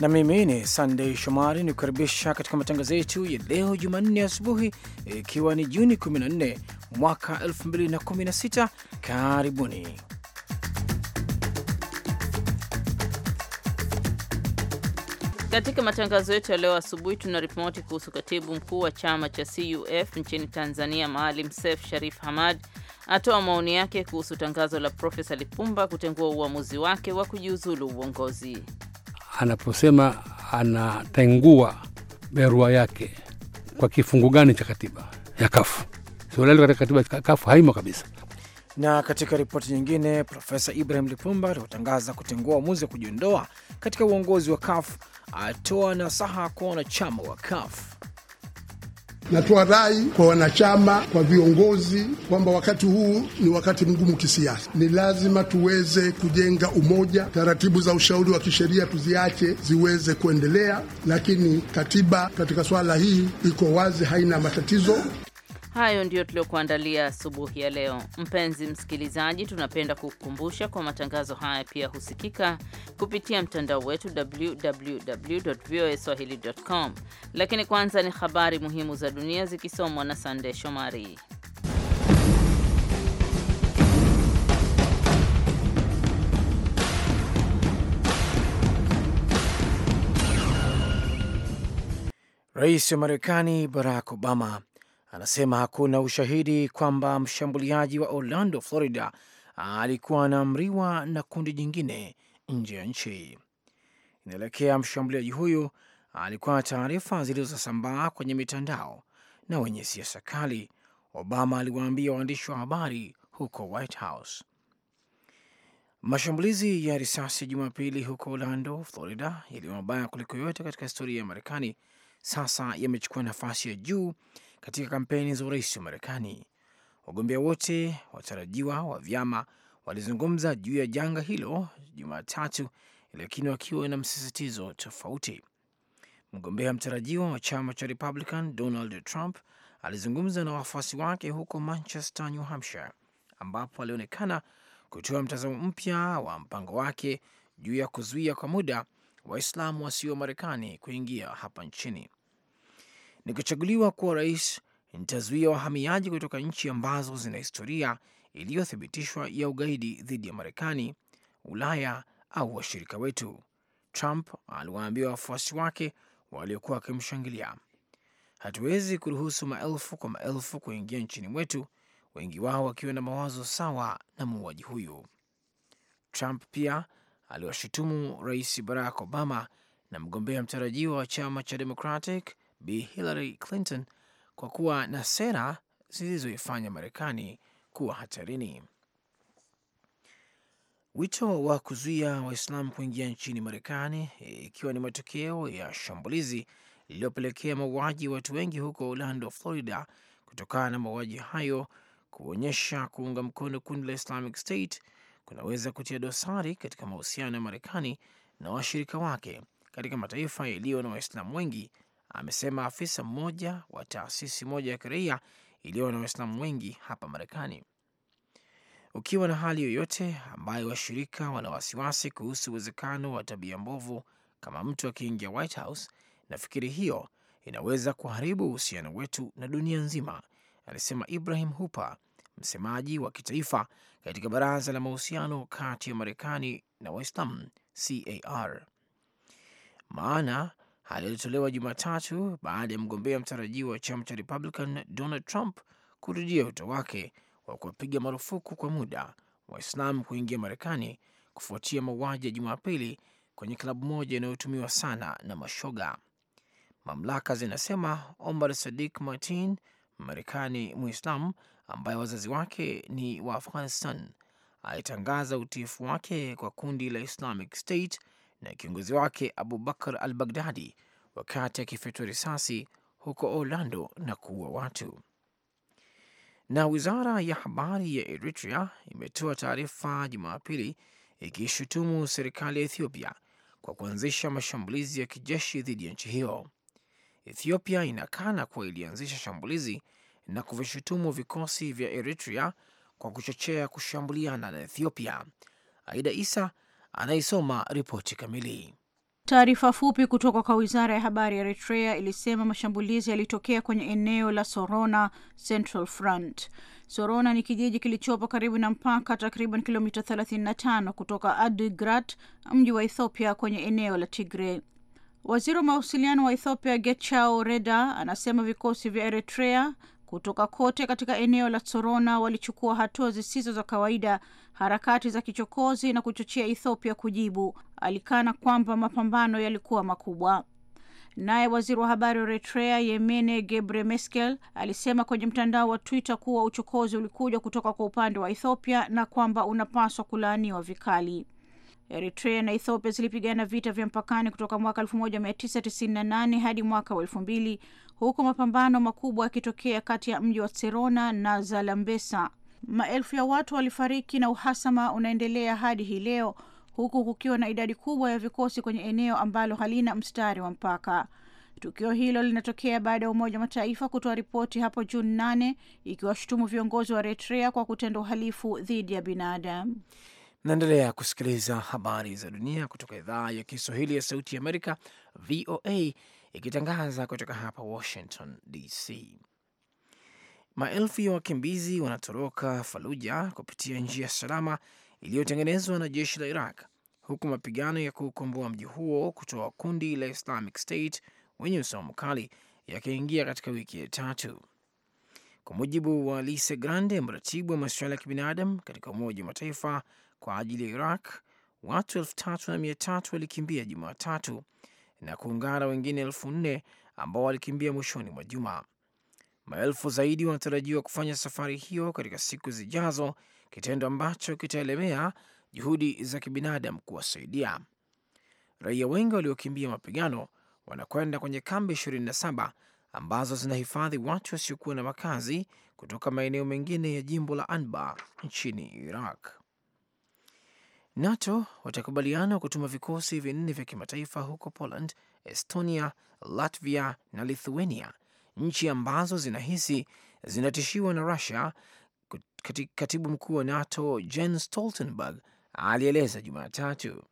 na mimi ni Sandey Shomari ni kukaribisha katika matangazo yetu ya leo Jumanne asubuhi, ikiwa ni Juni 14 mwaka 2016. Karibuni katika matangazo yetu ya leo asubuhi. Tuna ripoti kuhusu katibu mkuu wa chama cha CUF nchini Tanzania, Maalim sef Sharif Hamad atoa maoni yake kuhusu tangazo la Profesa Lipumba kutengua uamuzi wake wa kujiuzulu uongozi anaposema anatengua barua yake kwa kifungu gani cha katiba ya kafu suala katika katiba ya kafu haimo kabisa. Na katika ripoti nyingine, Profesa Ibrahim Lipumba aliotangaza kutengua uamuzi wa kujiondoa katika uongozi wa kafu atoa nasaha kwa wanachama wa kafu. Natoa rai kwa wanachama, kwa viongozi kwamba wakati huu ni wakati mgumu kisiasa, ni lazima tuweze kujenga umoja. Taratibu za ushauri wa kisheria tuziache ziweze kuendelea, lakini katiba katika swala hii iko wazi, haina matatizo. Hayo ndiyo tuliokuandalia asubuhi ya leo. Mpenzi msikilizaji, tunapenda kukukumbusha kwa matangazo haya pia husikika kupitia mtandao wetu www voa www.voaswahili.com. Lakini kwanza ni habari muhimu za dunia zikisomwa na sandey Shomari. Rais wa Marekani Barack Obama anasema hakuna ushahidi kwamba mshambuliaji wa Orlando, Florida alikuwa anaamriwa na kundi jingine nje ya nchi. Inaelekea mshambuliaji huyu alikuwa na taarifa zilizosambaa kwenye mitandao na wenye siasa kali, Obama aliwaambia waandishi wa habari huko White House. Mashambulizi ya risasi Jumapili huko Orlando, Florida, yaliyo mabaya kuliko yote katika historia ya Marekani, sasa yamechukua nafasi ya juu katika kampeni za urais wa Marekani. Wagombea wote watarajiwa wa vyama walizungumza juu ya janga hilo Jumatatu, lakini wakiwa na msisitizo tofauti. Mgombea mtarajiwa wa chama cha Republican Donald Trump alizungumza na wafuasi wake huko Manchester, New Hampshire, ambapo alionekana kutoa mtazamo mpya wa mpango wake juu ya kuzuia kwa muda Waislamu wasio Marekani kuingia hapa nchini nikichaguliwa kuwa rais, nitazuia wahamiaji kutoka nchi ambazo zina historia iliyothibitishwa ya ugaidi dhidi ya Marekani, Ulaya au washirika wetu, Trump aliwaambia wafuasi wake waliokuwa wakimshangilia. Hatuwezi kuruhusu maelfu kwa maelfu kuingia nchini mwetu, wengi wao wakiwa na mawazo sawa na muuaji huyu. Trump pia aliwashutumu Rais Barack Obama na mgombea mtarajiwa wa chama cha Democratic Bi Hillary Clinton kwa kuwa na sera zilizoifanya Marekani kuwa hatarini. Wito wa kuzuia Waislamu kuingia nchini Marekani ikiwa ni matokeo ya shambulizi lililopelekea mauaji ya watu wengi huko Orlando, Florida, kutokana na mauaji hayo kuonyesha kuunga mkono kundi la Islamic State kunaweza kutia dosari katika mahusiano ya Marekani na washirika wake katika mataifa yaliyo na Waislamu wengi amesema afisa mmoja wa taasisi moja ya kiraia iliyo na Waislamu wengi hapa Marekani. Ukiwa na hali yoyote ambayo washirika wana wasiwasi kuhusu uwezekano wa tabia mbovu kama mtu akiingia White House, nafikiri hiyo inaweza kuharibu uhusiano wetu na dunia nzima, alisema Ibrahim Hooper, msemaji wa kitaifa katika baraza la mahusiano kati ya Marekani na Waislamu CAR. Maana aliyotolewa Jumatatu baada ya mgombea mtarajiwa wa chama cha Republican Donald Trump kurudia wito wake wa kuwapiga marufuku kwa muda Waislamu kuingia Marekani kufuatia mauaji ya Jumapili kwenye klabu moja inayotumiwa sana na mashoga. Mamlaka zinasema Omar Sadik Martin, Marekani Muislam ambaye wazazi wake ni wa Afghanistan, alitangaza utiifu wake kwa kundi la Islamic State na kiongozi wake Abu Bakar al Baghdadi wakati akifetwa risasi huko Orlando na kuua watu. Na wizara ya habari ya Eritrea imetoa taarifa Jumapili ikishutumu serikali ya Ethiopia kwa kuanzisha mashambulizi ya kijeshi dhidi ya nchi hiyo. Ethiopia inakana kuwa ilianzisha shambulizi na kuvishutumu vikosi vya Eritrea kwa kuchochea kushambuliana na Ethiopia. Aida Isa anayesoma ripoti kamili. Taarifa fupi kutoka kwa wizara ya habari ya Eritrea ilisema mashambulizi yalitokea kwenye eneo la Sorona Central Front. Sorona ni kijiji kilichopo karibu na mpaka, takriban kilomita 35 kutoka Adigrat, mji wa Ethiopia, kwenye eneo la Tigre. Waziri wa mawasiliano wa Ethiopia Gechao Reda anasema vikosi vya Eritrea kutoka kote katika eneo la Tsorona walichukua hatua zisizo za kawaida, harakati za kichokozi na kuchochea Ethiopia kujibu. Alikana kwamba mapambano yalikuwa makubwa. Naye waziri wa habari wa Eritrea Yemene Gebre Meskel alisema kwenye mtandao wa Twitter kuwa uchokozi ulikuja kutoka kwa upande wa Ethiopia na kwamba unapaswa kulaaniwa vikali. Eritrea na Ethiopia zilipigana vita vya mpakani kutoka mwaka 1998 hadi mwaka wa 2000 huku mapambano makubwa yakitokea kati ya mji wa serona na Zalambesa. Maelfu ya watu walifariki na uhasama unaendelea hadi hii leo, huku kukiwa na idadi kubwa ya vikosi kwenye eneo ambalo halina mstari wa mpaka. Tukio hilo linatokea baada ya Umoja wa Mataifa kutoa ripoti hapo Juni nane ikiwashutumu viongozi wa Eritrea kwa kutenda uhalifu dhidi ya binadamu. Naendelea kusikiliza habari za dunia kutoka idhaa ya Kiswahili ya Sauti ya Amerika, VOA, ikitangaza kutoka hapa Washington DC. Maelfu ya wakimbizi wanatoroka Faluja kupitia njia salama iliyotengenezwa na jeshi la Iraq, huku mapigano ya kuukomboa mji huo kutoa kundi la Islamic State wenye usawa mkali yakiingia katika wiki ya tatu. Kwa mujibu wa Lise Grande, mratibu wa masuala ya kibinadamu katika Umoja wa Mataifa kwa ajili ya Iraq, watu elfu tatu na mia tatu walikimbia Jumatatu na kuungana na wengine elfu nne ambao walikimbia mwishoni mwa juma. Maelfu zaidi wanatarajiwa kufanya safari hiyo katika siku zijazo, kitendo ambacho kitaelemea juhudi za kibinadamu kuwasaidia raia. Wengi waliokimbia mapigano wanakwenda kwenye kambi 27 ambazo zinahifadhi watu wasiokuwa na makazi kutoka maeneo mengine ya jimbo la Anbar nchini Iraq. NATO watakubaliana kutuma vikosi vinne vya kimataifa huko Poland, Estonia, Latvia na Lithuania, nchi ambazo zinahisi zinatishiwa na Rusia. Katibu mkuu wa NATO Jens Stoltenberg alieleza Jumatatu.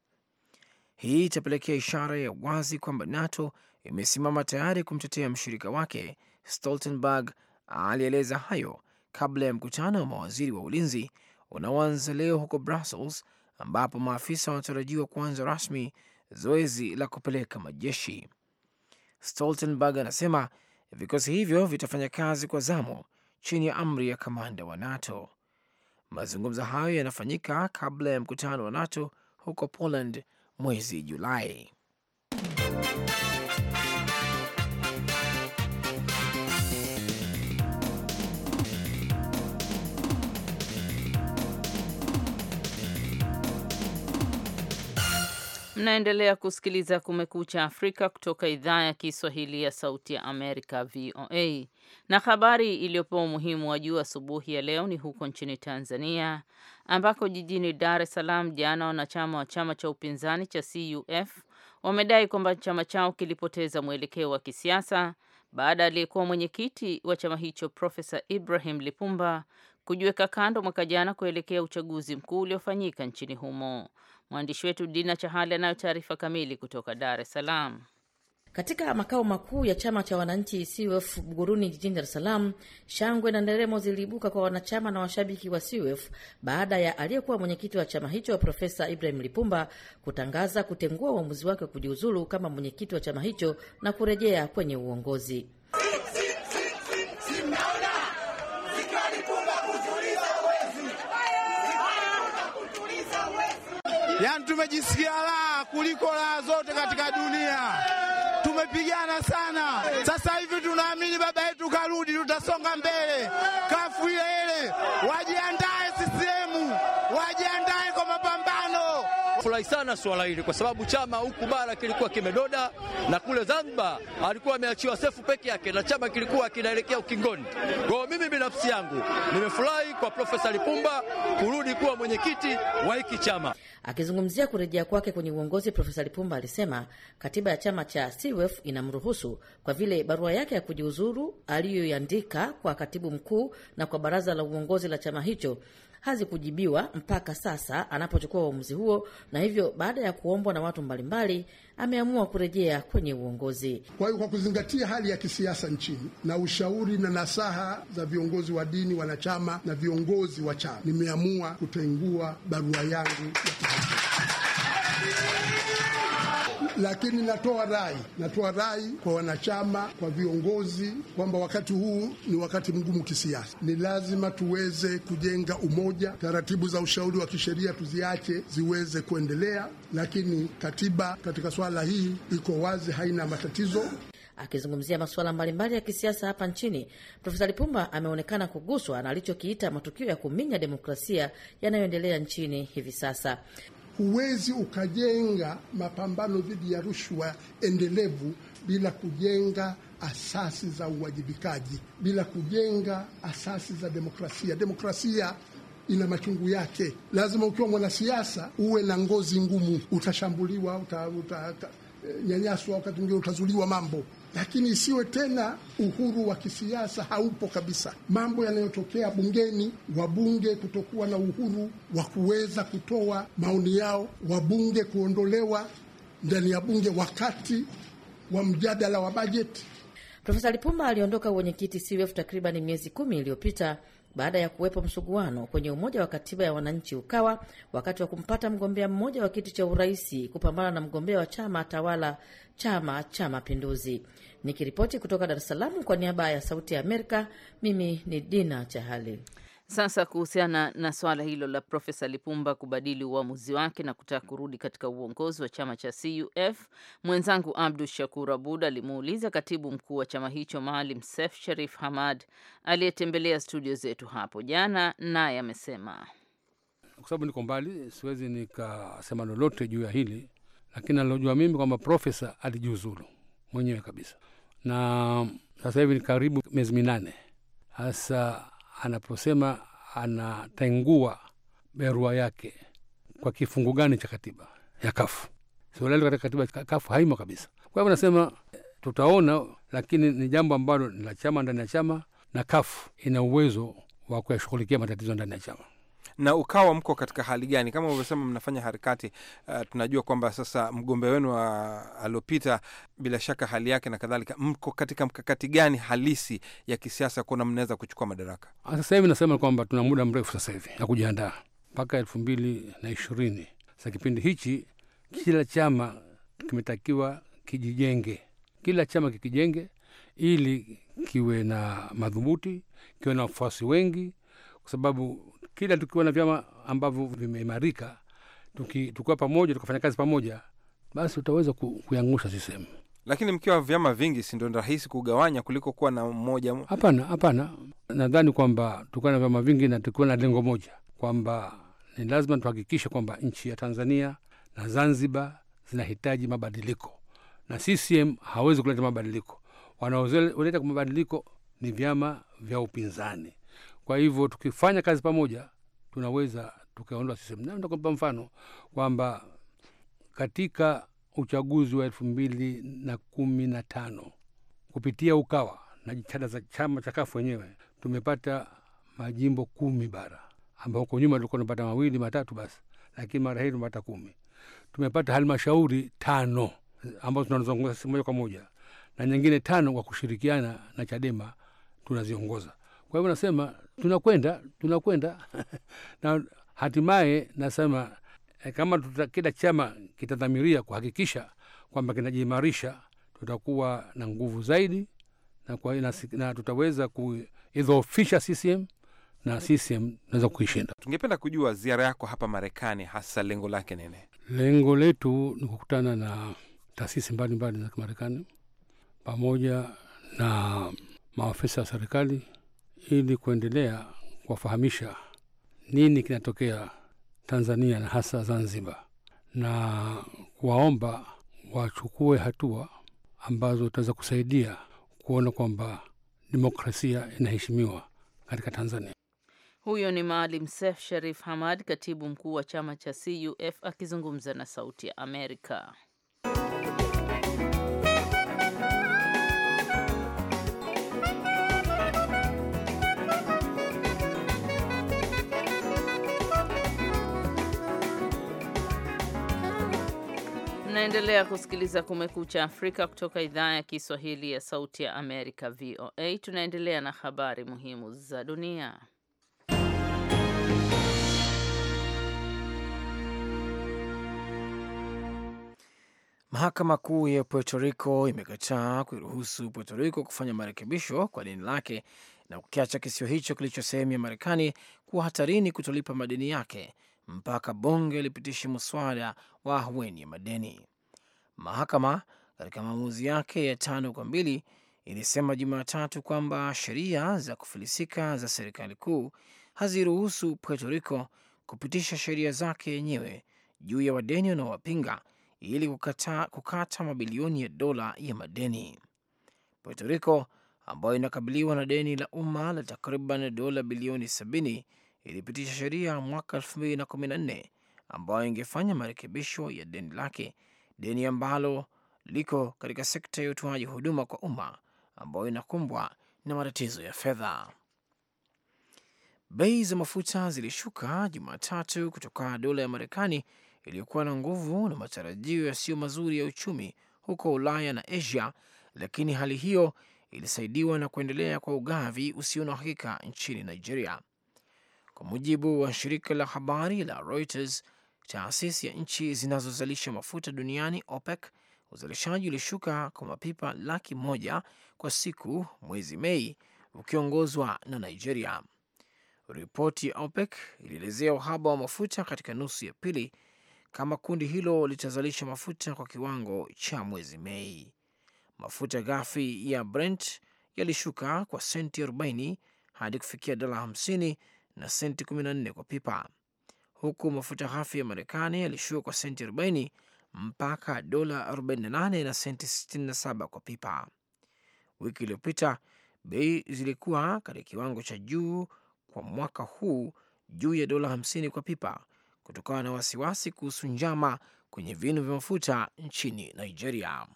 Hii itapelekea ishara ya wazi kwamba NATO imesimama tayari kumtetea mshirika wake. Stoltenberg alieleza hayo kabla ya mkutano wa mawaziri wa ulinzi unaoanza leo huko Brussels ambapo maafisa wanatarajiwa kuanza rasmi zoezi la kupeleka majeshi. Stoltenberg anasema vikosi hivyo vitafanya kazi kwa zamu chini ya amri ya kamanda wa NATO. Mazungumzo hayo yanafanyika kabla ya mkutano wa NATO huko Poland mwezi Julai. Mnaendelea kusikiliza Kumekucha Afrika kutoka idhaa ya Kiswahili ya Sauti ya Amerika, VOA. Na habari iliyopewa umuhimu wa juu asubuhi ya leo ni huko nchini Tanzania, ambako jijini Dar es Salaam jana, wanachama wa chama cha upinzani cha CUF wamedai kwamba chama chao kilipoteza mwelekeo wa kisiasa baada ya aliyekuwa mwenyekiti wa chama hicho Profesa Ibrahim Lipumba kujiweka kando mwaka jana kuelekea uchaguzi mkuu uliofanyika nchini humo. Mwandishi wetu Dina Chahali anayo taarifa kamili kutoka Dar es Salaam. Katika makao makuu ya chama cha wananchi CUF Buguruni jijini Dar es Salaam, shangwe na nderemo ziliibuka kwa wanachama na washabiki wa CUF baada ya aliyekuwa mwenyekiti wa chama hicho Profesa Ibrahim Lipumba kutangaza kutengua uamuzi wake wa kujiuzulu kama mwenyekiti wa chama hicho na kurejea kwenye uongozi. yani tumejisikia raha kuliko raha zote katika dunia. Tumepigana sana, sasa hivi tunaamini baba yetu karudi, tutasonga mbele. kafu ile ile wajiandae alifurahi sana swala hili, kwa sababu chama huku bara kilikuwa kimedoda na kule Zanzibar alikuwa ameachiwa Sefu peke yake na chama kilikuwa kinaelekea ukingoni. Kwa mimi binafsi yangu nimefurahi kwa Profesa Lipumba kurudi kuwa mwenyekiti wa hiki chama. Akizungumzia kurejea kwake kwenye uongozi, Profesa Lipumba alisema katiba ya chama cha CUF inamruhusu kwa vile barua yake ya kujiuzuru aliyoiandika kwa katibu mkuu na kwa baraza la uongozi la chama hicho hazikujibiwa mpaka sasa anapochukua uamuzi huo na hivyo baada ya kuombwa na watu mbalimbali ameamua kurejea kwenye uongozi. Kwa hiyo kwa kuzingatia hali ya kisiasa nchini na ushauri na nasaha za viongozi wa dini, wanachama na viongozi wa chama, nimeamua kutengua barua yangu ya lakini natoa rai, natoa rai kwa wanachama, kwa viongozi kwamba wakati huu ni wakati mgumu kisiasa. Ni lazima tuweze kujenga umoja. Taratibu za ushauri wa kisheria tuziache ziweze kuendelea, lakini katiba katika swala hii iko wazi, haina matatizo. Akizungumzia masuala mbalimbali ya kisiasa hapa nchini, Profesa Lipumba ameonekana kuguswa na alichokiita matukio ya kuminya demokrasia yanayoendelea nchini hivi sasa. Huwezi ukajenga mapambano dhidi ya rushwa endelevu bila kujenga asasi za uwajibikaji, bila kujenga asasi za demokrasia. Demokrasia ina machungu yake. Lazima ukiwa mwanasiasa uwe na ngozi ngumu, utashambuliwa utanyanyaswa uta, uta eh, wakati mwingine utazuliwa mambo lakini isiwe tena uhuru wa kisiasa haupo kabisa. Mambo yanayotokea bungeni, wabunge kutokuwa na uhuru wa kuweza kutoa maoni yao, wabunge kuondolewa ndani ya bunge wakati wa mjadala wa bajeti. Profesa Lipumba aliondoka uwenyekiti CUF takriban miezi kumi iliyopita baada ya kuwepo msuguano kwenye umoja wa katiba ya wananchi Ukawa wakati wa kumpata mgombea mmoja wa kiti cha uraisi kupambana na mgombea wa chama tawala Chama cha Mapinduzi. Nikiripoti kutoka Dar es Salaam kwa niaba ya Sauti ya Amerika, mimi ni Dina Chahali. Sasa kuhusiana na swala hilo la Profesa Lipumba kubadili uamuzi wake na kutaka kurudi katika uongozi wa chama cha CUF, mwenzangu Abdu Shakur Abud alimuuliza katibu mkuu wa chama hicho Maalim Sef Sharif Hamad aliyetembelea studio zetu hapo jana, naye amesema kwa sababu niko mbali, siwezi nikasema lolote juu ya hili, lakini alilojua mimi kwamba profesa alijiuzulu mwenyewe kabisa, na sasa hivi ni karibu miezi minane hasa anaposema anatengua barua yake kwa kifungu gani cha katiba ya kafu suala katika katiba kafu haimo kabisa kwa hivyo nasema tutaona lakini ni jambo ambalo ni la chama ndani ya chama na kafu ina uwezo wa kuyashughulikia matatizo ndani ya chama na ukawa mko katika hali gani? Kama ulivyosema mnafanya harakati uh, tunajua kwamba sasa mgombea wenu aliopita, bila shaka hali yake na kadhalika, mko katika mkakati gani halisi ya kisiasa kuona mnaweza kuchukua madaraka? Sasa hivi nasema kwamba tuna muda mrefu sasa hivi ya kujiandaa mpaka elfu mbili na ishirini. Sasa kipindi hichi kila chama kimetakiwa kijijenge, kila chama kikijenge ili kiwe na madhubuti, kiwe na wafuasi wengi, kwa sababu kila tukiwa na vyama ambavyo vimeimarika, tukiwa pamoja, tukafanya kazi pamoja, basi utaweza kuyangusha sisemu. Lakini mkiwa vyama vingi, si ndio rahisi kugawanya kuliko kuwa na mmoja? Hapana, hapana. Nadhani kwamba tukiwa na vyama vingi na tukiwa na lengo moja, kwamba ni lazima tuhakikishe kwamba nchi ya Tanzania na Zanzibar zinahitaji mabadiliko, na CCM hawezi kuleta mabadiliko. Wanaoleta mabadiliko ni vyama vya upinzani. Kwa hivyo tukifanya kazi pamoja, tunaweza tukaondoa sisehemu. Na nitakupa mfano kwamba katika uchaguzi wa elfu mbili na kumi na tano kupitia Ukawa na jitihada za chama cha Kafu wenyewe tumepata majimbo kumi bara, ambao huko nyuma tulikuwa tunapata mawili matatu basi, lakini mara hii tumepata kumi. Tumepata halmashauri tano ambazo tunazongoza moja kwa moja na nyingine tano kwa kushirikiana na Chadema tunaziongoza. Kwa hivyo nasema tunakwenda tunakwenda na hatimaye nasema eh, kama tuta, kila chama kitadhamiria kuhakikisha kwamba kinajiimarisha, tutakuwa na nguvu zaidi na, kwa, na, na tutaweza kuidhoofisha CCM na CCM tunaweza kuishinda. Tungependa kujua ziara yako hapa Marekani, hasa lengo lake nini? Lengo letu ni kukutana na taasisi mbalimbali za Kimarekani pamoja na maafisa wa serikali ili kuendelea kuwafahamisha nini kinatokea Tanzania na hasa Zanzibar, na kuwaomba wachukue hatua ambazo itaweza kusaidia kuona kwamba demokrasia inaheshimiwa katika Tanzania. Huyo ni Maalim sef Sharif Hamad, katibu mkuu wa chama cha CUF akizungumza na Sauti ya Amerika. Unaendelea kusikiliza Kumekucha Afrika kutoka idhaa ya Kiswahili ya Sauti ya Amerika, VOA. Tunaendelea na habari muhimu za dunia. Mahakama Kuu ya Puerto Rico imekataa kuruhusu Puerto Rico kufanya marekebisho kwa deni lake na kukiacha kisio hicho kilicho sehemu ya Marekani kuwa hatarini kutolipa madeni yake mpaka bunge lipitishe mswada wa ahueni ya madeni. Mahakama katika maamuzi yake ya tano kwa mbili ilisema Jumatatu kwamba sheria za kufilisika za serikali kuu haziruhusu Puerto Rico kupitisha sheria zake yenyewe juu ya wadeni wanaowapinga ili kukata, kukata mabilioni ya dola ya madeni. Puerto Rico ambayo inakabiliwa na deni la umma la takriban dola bilioni 70 ilipitisha sheria mwaka 2014 ambayo ingefanya marekebisho ya deni lake deni ambalo liko katika sekta ya utoaji huduma kwa umma ambayo inakumbwa na matatizo ya fedha. Bei za mafuta zilishuka Jumatatu kutoka dola ya Marekani iliyokuwa na nguvu na matarajio yasiyo mazuri ya uchumi huko Ulaya na Asia, lakini hali hiyo ilisaidiwa na kuendelea kwa ugavi usio na uhakika nchini Nigeria, kwa mujibu wa shirika la habari la Reuters taasisi ya nchi zinazozalisha mafuta duniani OPEC, uzalishaji ulishuka kwa mapipa laki moja kwa siku mwezi Mei, ukiongozwa na Nigeria. Ripoti ya OPEC ilielezea uhaba wa mafuta katika nusu ya pili kama kundi hilo litazalisha mafuta kwa kiwango cha mwezi Mei. Mafuta ghafi ya Brent yalishuka kwa senti 40 hadi kufikia dola 50 na senti 14 kwa pipa huku mafuta ghafi ya Marekani yalishuka kwa senti 40 mpaka dola 48 na senti 67 kwa pipa. Wiki iliyopita bei zilikuwa katika kiwango cha juu kwa mwaka huu juu ya dola 50 kwa pipa kutokana na wasiwasi kuhusu njama kwenye vinu vya mafuta nchini Nigeria.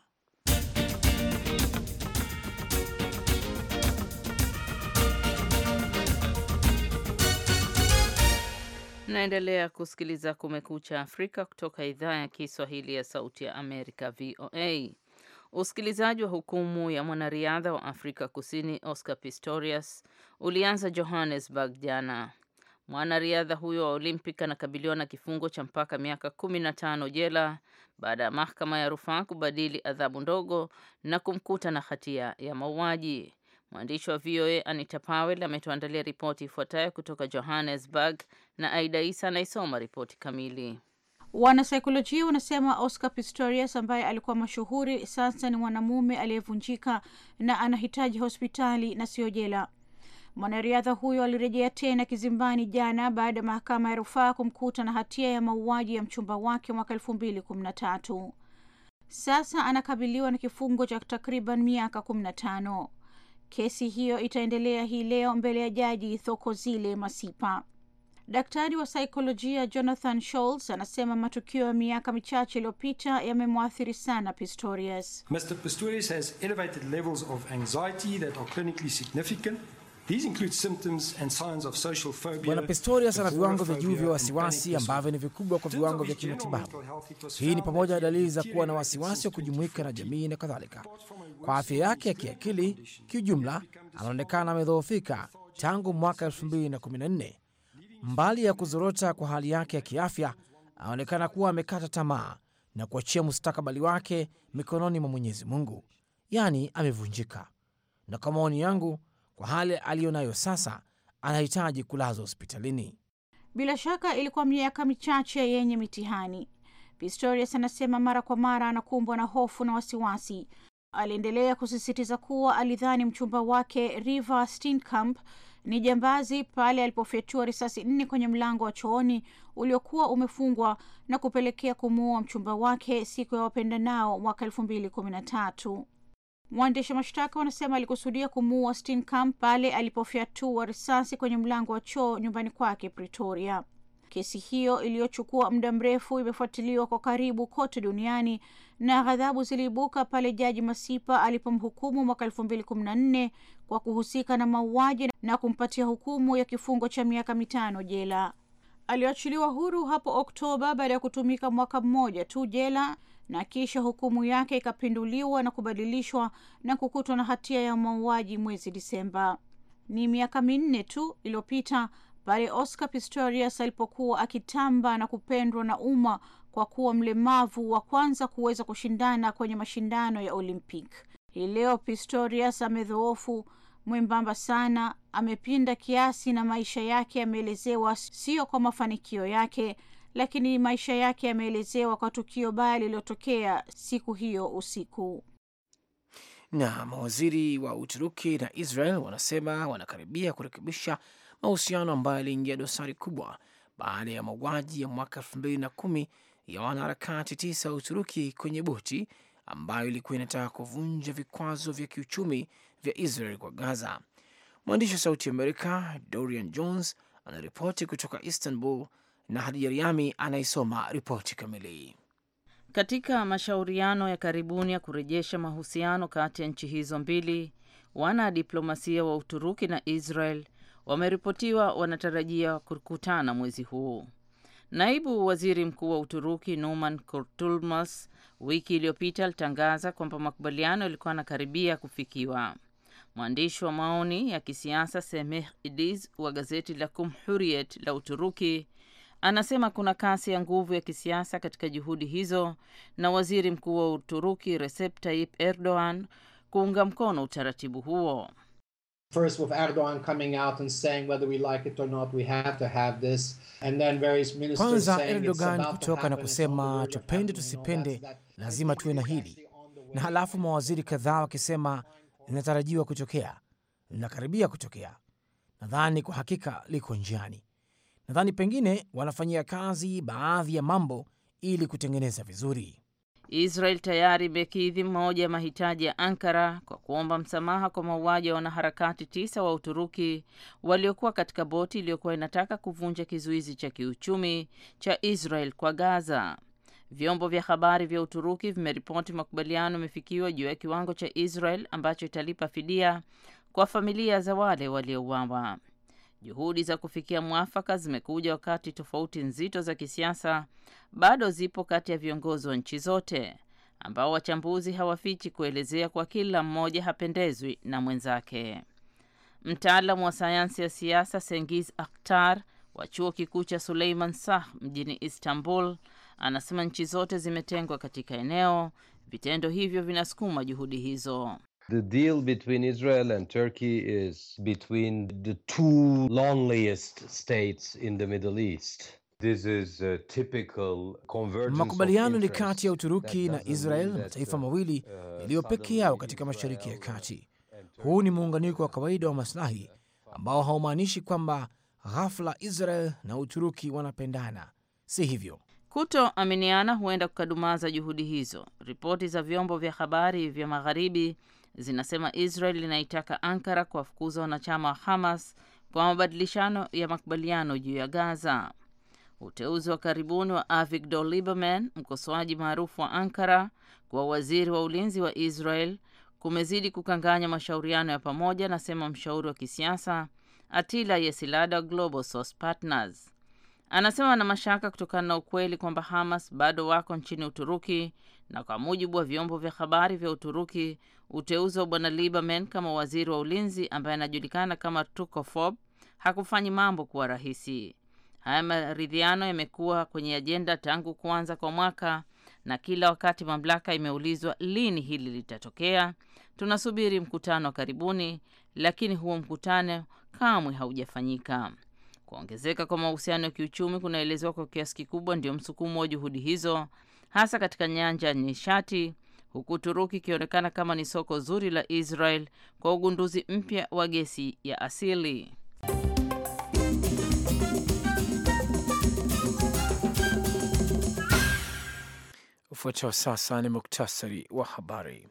naendelea kusikiliza Kumekucha Afrika kutoka idhaa ya Kiswahili ya Sauti ya Amerika, VOA. Usikilizaji wa hukumu ya mwanariadha wa Afrika Kusini Oscar Pistorius ulianza Johannesburg jana. Mwanariadha huyo wa Olympic anakabiliwa na kifungo cha mpaka miaka 15 jela baada ya mahakama ya rufaa kubadili adhabu ndogo na kumkuta na hatia ya mauaji. Mwandishi wa VOA Anita Powell ametuandalia ripoti ifuatayo kutoka Johannesburg na Aida Isa anaisoma ripoti kamili. Wanasaikolojia wanasema Oscar Pistorius ambaye alikuwa mashuhuri sasa ni mwanamume aliyevunjika na anahitaji hospitali na siyo jela. Mwanariadha huyo alirejea tena kizimbani jana baada ya mahakama ya rufaa kumkuta na hatia ya mauaji ya mchumba wake mwaka elfu mbili kumi na tatu. Sasa anakabiliwa na kifungo cha takriban miaka kumi na tano. Kesi hiyo itaendelea hii leo mbele ya jaji Thokozile Masipa. Daktari wa saikolojia Jonathan Scholz anasema matukio ya miaka michache iliyopita yamemwathiri sana Pistorius. Mr. Pistorius has elevated levels of anxiety that are clinically significant Bwana Pistorius ana viwango vya juu vya wasiwasi ambavyo ni vikubwa kwa viwango vya kimatibabu. Hii ni pamoja na dalili za kuwa na wasiwasi wa kujumuika na jamii na kadhalika. Kwa afya yake ya kiakili kiujumla, anaonekana amedhoofika tangu mwaka 2014. Mbali ya kuzorota kwa hali yake ya kiafya, anaonekana kuwa amekata tamaa na kuachia mustakabali wake mikononi mwa Mwenyezi Mungu, yaani amevunjika. Na kwa maoni yangu kwa hali aliyonayo sasa, anahitaji kulazwa hospitalini. Bila shaka ilikuwa miaka michache yenye mitihani. Pistorius anasema mara kwa mara anakumbwa na hofu na wasiwasi. Aliendelea kusisitiza kuwa alidhani mchumba wake rive Steenkamp ni jambazi pale alipofyatua risasi nne kwenye mlango wa chooni uliokuwa umefungwa na kupelekea kumuua mchumba wake siku ya wapendanao mwaka elfu mbili kumi na tatu. Waendesha mashtaka wanasema alikusudia kumuua Steenkamp pale alipofyatua risasi kwenye mlango wa choo nyumbani kwake Pretoria. Kesi hiyo iliyochukua muda mrefu imefuatiliwa kwa karibu kote duniani na ghadhabu ziliibuka pale Jaji Masipa alipomhukumu mwaka elfu mbili kumi na nne kwa kuhusika na mauaji na kumpatia hukumu ya kifungo cha miaka mitano jela. Aliachiliwa huru hapo Oktoba baada ya kutumika mwaka mmoja tu jela na kisha hukumu yake ikapinduliwa na kubadilishwa na kukutwa na hatia ya mauaji mwezi Disemba. Ni miaka minne tu iliyopita pale Oscar Pistorius alipokuwa akitamba na kupendwa na umma kwa kuwa mlemavu wa kwanza kuweza kushindana kwenye mashindano ya Olympic. Hii leo Pistorius amedhoofu mwembamba sana, amepinda kiasi na maisha yake yameelezewa sio kwa mafanikio yake lakini maisha yake yameelezewa kwa tukio baya lililotokea siku hiyo usiku. Na mawaziri wa Uturuki na Israel wanasema wanakaribia kurekebisha mahusiano ambayo yaliingia dosari kubwa baada ya mauaji ya mwaka elfu mbili na kumi ya wanaharakati tisa wa Uturuki kwenye boti ambayo ilikuwa inataka kuvunja vikwazo vya kiuchumi vya Israel kwa Gaza. Mwandishi wa Sauti Amerika Dorian Jones anaripoti kutoka Istanbul na Hadija Riami anaisoma ripoti kamili. Katika mashauriano ya karibuni ya kurejesha mahusiano kati ya nchi hizo mbili, wanadiplomasia wa Uturuki na Israel wameripotiwa wanatarajia kukutana mwezi huu. Naibu waziri mkuu wa Uturuki Numan Kurtulmus wiki iliyopita alitangaza kwamba makubaliano yalikuwa yanakaribia kufikiwa. Mwandishi wa maoni ya kisiasa Semih Idiz wa gazeti la Cumhuriyet la Uturuki Anasema kuna kasi ya nguvu ya kisiasa katika juhudi hizo na waziri mkuu wa Uturuki Recep Tayyip Erdogan kuunga mkono utaratibu huo. First with Erdogan coming out and saying whether we like it or not we have to have this and then various ministers Kwanza saying Erdogan kutoka na kusema tupende tusipende lazima tuwe na hili na halafu mawaziri kadhaa wakisema linatarajiwa kutokea, linakaribia kutokea, nadhani kwa hakika liko njiani nadhani pengine wanafanyia kazi baadhi ya mambo ili kutengeneza vizuri. Israel tayari imekidhi moja ya mahitaji ya Ankara kwa kuomba msamaha kwa mauaji ya wanaharakati tisa wa Uturuki waliokuwa katika boti iliyokuwa inataka kuvunja kizuizi cha kiuchumi cha Israel kwa Gaza. Vyombo vya habari vya Uturuki vimeripoti makubaliano yamefikiwa juu ya kiwango cha Israel ambacho italipa fidia kwa familia za wale waliouawa. Juhudi za kufikia mwafaka zimekuja wakati tofauti nzito za kisiasa bado zipo kati ya viongozi wa nchi zote ambao wachambuzi hawafichi kuelezea kwa kila mmoja hapendezwi na mwenzake. Mtaalamu wa sayansi ya siasa Sengiz Aktar wa chuo kikuu cha Suleiman Sah mjini Istanbul anasema nchi zote zimetengwa katika eneo. Vitendo hivyo vinasukuma juhudi hizo. The deal between Israel and Turkey is between the two loneliest states in the Middle East. This is a typical convergence. Makubaliano ni kati ya Uturuki na Israel, mataifa uh, mawili yaliyo peke yao katika Mashariki ya Kati. Huu ni muunganiko wa kawaida wa maslahi ambao haumaanishi kwamba ghafla Israel na Uturuki wanapendana, si hivyo. Kutoaminiana huenda kukadumaza juhudi hizo. Ripoti za vyombo vya habari vya magharibi zinasema Israel inaitaka Ankara kuwafukuza wanachama wa Hamas kwa mabadilishano ya makubaliano juu ya Gaza. Uteuzi wa karibuni wa Avigdor Lieberman, mkosoaji maarufu wa Ankara, kwa waziri wa ulinzi wa Israel kumezidi kukanganya mashauriano ya pamoja, anasema mshauri wa kisiasa Atila Yesilada wa Global Source Partners. Anasema ana mashaka kutokana na ukweli kwamba Hamas bado wako nchini Uturuki, na kwa mujibu wa vyombo vya habari vya Uturuki Uteuzi wa bwana Lieberman kama waziri wa ulinzi ambaye anajulikana kama Tukofob hakufanyi mambo kuwa rahisi. Haya maridhiano yamekuwa kwenye ajenda tangu kuanza kwa mwaka, na kila wakati mamlaka imeulizwa lini hili litatokea. Tunasubiri mkutano wa karibuni, lakini huo mkutano kamwe haujafanyika. Kuongezeka kwa mahusiano ya kiuchumi kunaelezewa kwa kiasi kikubwa ndio msukumo wa juhudi hizo, hasa katika nyanja ya nishati huku Uturuki ikionekana kama ni soko zuri la Israel kwa ugunduzi mpya wa gesi ya asili. Ufuatao sasa ni muktasari wa habari.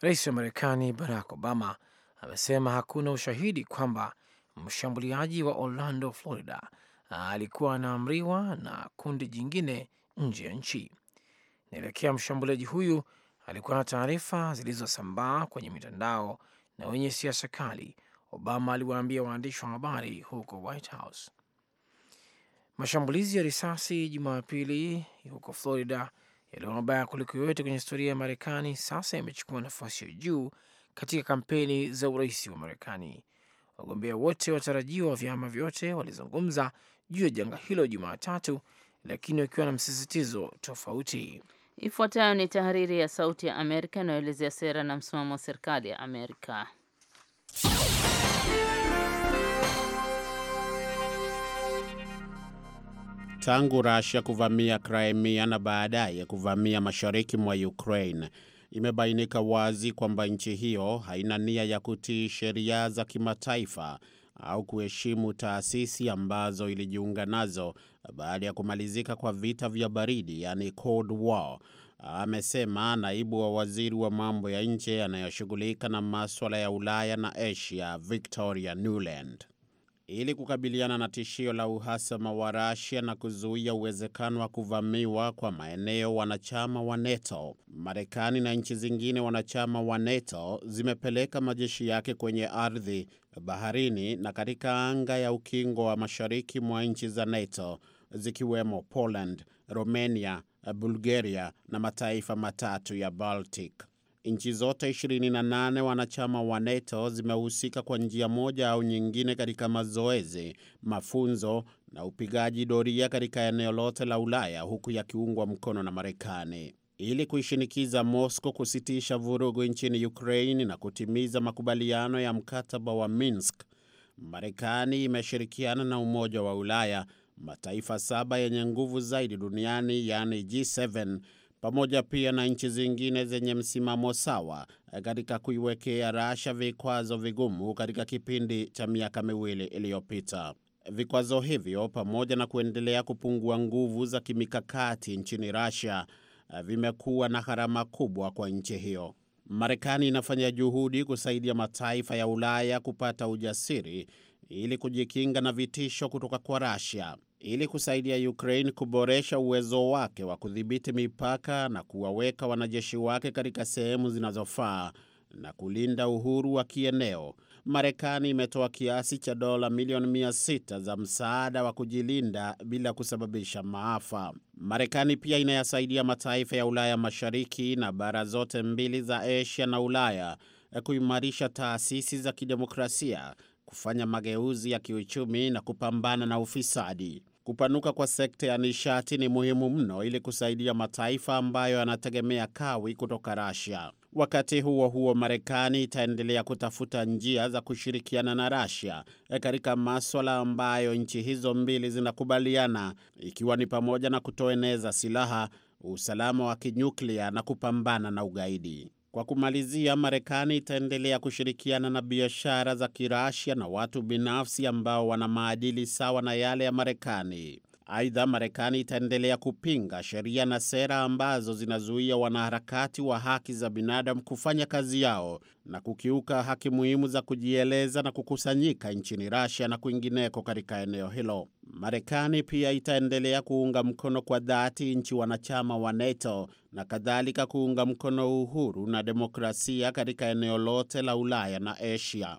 Rais wa Marekani Barack Obama amesema hakuna ushahidi kwamba mshambuliaji wa Orlando, Florida alikuwa anaamriwa na kundi jingine nje ya nchi. Naelekea mshambuliaji huyu alikuwa na taarifa zilizosambaa kwenye mitandao na wenye siasa kali, Obama aliwaambia waandishi wa habari huko White House. Mashambulizi ya risasi Jumapili huko Florida yaliyo mabaya kuliko yoyote kwenye historia ya Marekani sasa yamechukua nafasi ya juu katika kampeni za urais wa Marekani. Wagombea wote watarajiwa wa vyama vyote walizungumza juu ya janga hilo Jumatatu, lakini wakiwa na msisitizo tofauti. Ifuatayo ni tahariri ya Sauti ya Amerika inayoelezea sera na msimamo wa serikali ya Amerika. Tangu rusia kuvamia Crimea na baadaye kuvamia mashariki mwa Ukraine, imebainika wazi kwamba nchi hiyo haina nia ya kutii sheria za kimataifa au kuheshimu taasisi ambazo ilijiunga nazo baada ya kumalizika kwa vita vya baridi, yani Cold War, amesema naibu wa waziri wa mambo ya nje anayoshughulika na maswala ya Ulaya na Asia, Victoria Nuland ili kukabiliana na tishio la uhasama wa Rasia na kuzuia uwezekano wa kuvamiwa kwa maeneo wanachama wa NATO. Marekani na nchi zingine wanachama wa NATO zimepeleka majeshi yake kwenye ardhi, baharini na katika anga ya ukingo wa mashariki mwa nchi za NATO zikiwemo Poland, Romania, Bulgaria na mataifa matatu ya Baltic. Nchi zote 28 wanachama wa NATO zimehusika kwa njia moja au nyingine katika mazoezi, mafunzo na upigaji doria katika eneo lote la Ulaya huku yakiungwa mkono na Marekani. Ili kuishinikiza Moscow kusitisha vurugu nchini Ukraine na kutimiza makubaliano ya mkataba wa Minsk, Marekani imeshirikiana na Umoja wa Ulaya, mataifa saba yenye nguvu zaidi duniani yaani G7 pamoja pia na nchi zingine zenye msimamo sawa eh, katika kuiwekea Rasha vikwazo vigumu katika kipindi cha miaka miwili iliyopita. Vikwazo hivyo pamoja na kuendelea kupungua nguvu za kimikakati nchini rasia eh, vimekuwa na gharama kubwa kwa nchi hiyo. Marekani inafanya juhudi kusaidia mataifa ya Ulaya kupata ujasiri ili kujikinga na vitisho kutoka kwa rasia ili kusaidia Ukraine kuboresha uwezo wake wa kudhibiti mipaka na kuwaweka wanajeshi wake katika sehemu zinazofaa na kulinda uhuru wa kieneo. Marekani imetoa kiasi cha dola milioni mia za msaada wa kujilinda bila kusababisha maafa. Marekani pia inayasaidia mataifa ya Ulaya Mashariki na bara zote mbili za Asia na Ulaya eh, kuimarisha taasisi za kidemokrasia, kufanya mageuzi ya kiuchumi na kupambana na ufisadi. Kupanuka kwa sekta ya nishati ni muhimu mno ili kusaidia mataifa ambayo yanategemea kawi kutoka Russia. Wakati huo huo, Marekani itaendelea kutafuta njia za kushirikiana na Russia eh, katika maswala ambayo nchi hizo mbili zinakubaliana, ikiwa ni pamoja na kutoeneza silaha, usalama wa kinyuklia na kupambana na ugaidi. Kwa kumalizia, Marekani itaendelea kushirikiana na biashara za Kirasia na watu binafsi ambao wana maadili sawa na yale ya Marekani. Aidha, Marekani itaendelea kupinga sheria na sera ambazo zinazuia wanaharakati wa haki za binadamu kufanya kazi yao na kukiuka haki muhimu za kujieleza na kukusanyika nchini Russia na kwingineko katika eneo hilo. Marekani pia itaendelea kuunga mkono kwa dhati nchi wanachama wa NATO na kadhalika kuunga mkono uhuru na demokrasia katika eneo lote la Ulaya na Asia.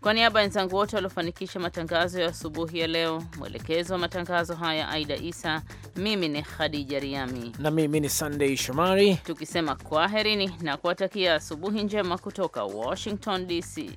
Kwa niaba ya wenzangu wote waliofanikisha matangazo ya asubuhi ya leo, mwelekezi wa matangazo haya Aida Isa, mimi ni Khadija Riami na mimi ni Sandei Shomari, tukisema kwaherini na kuwatakia asubuhi njema kutoka Washington DC.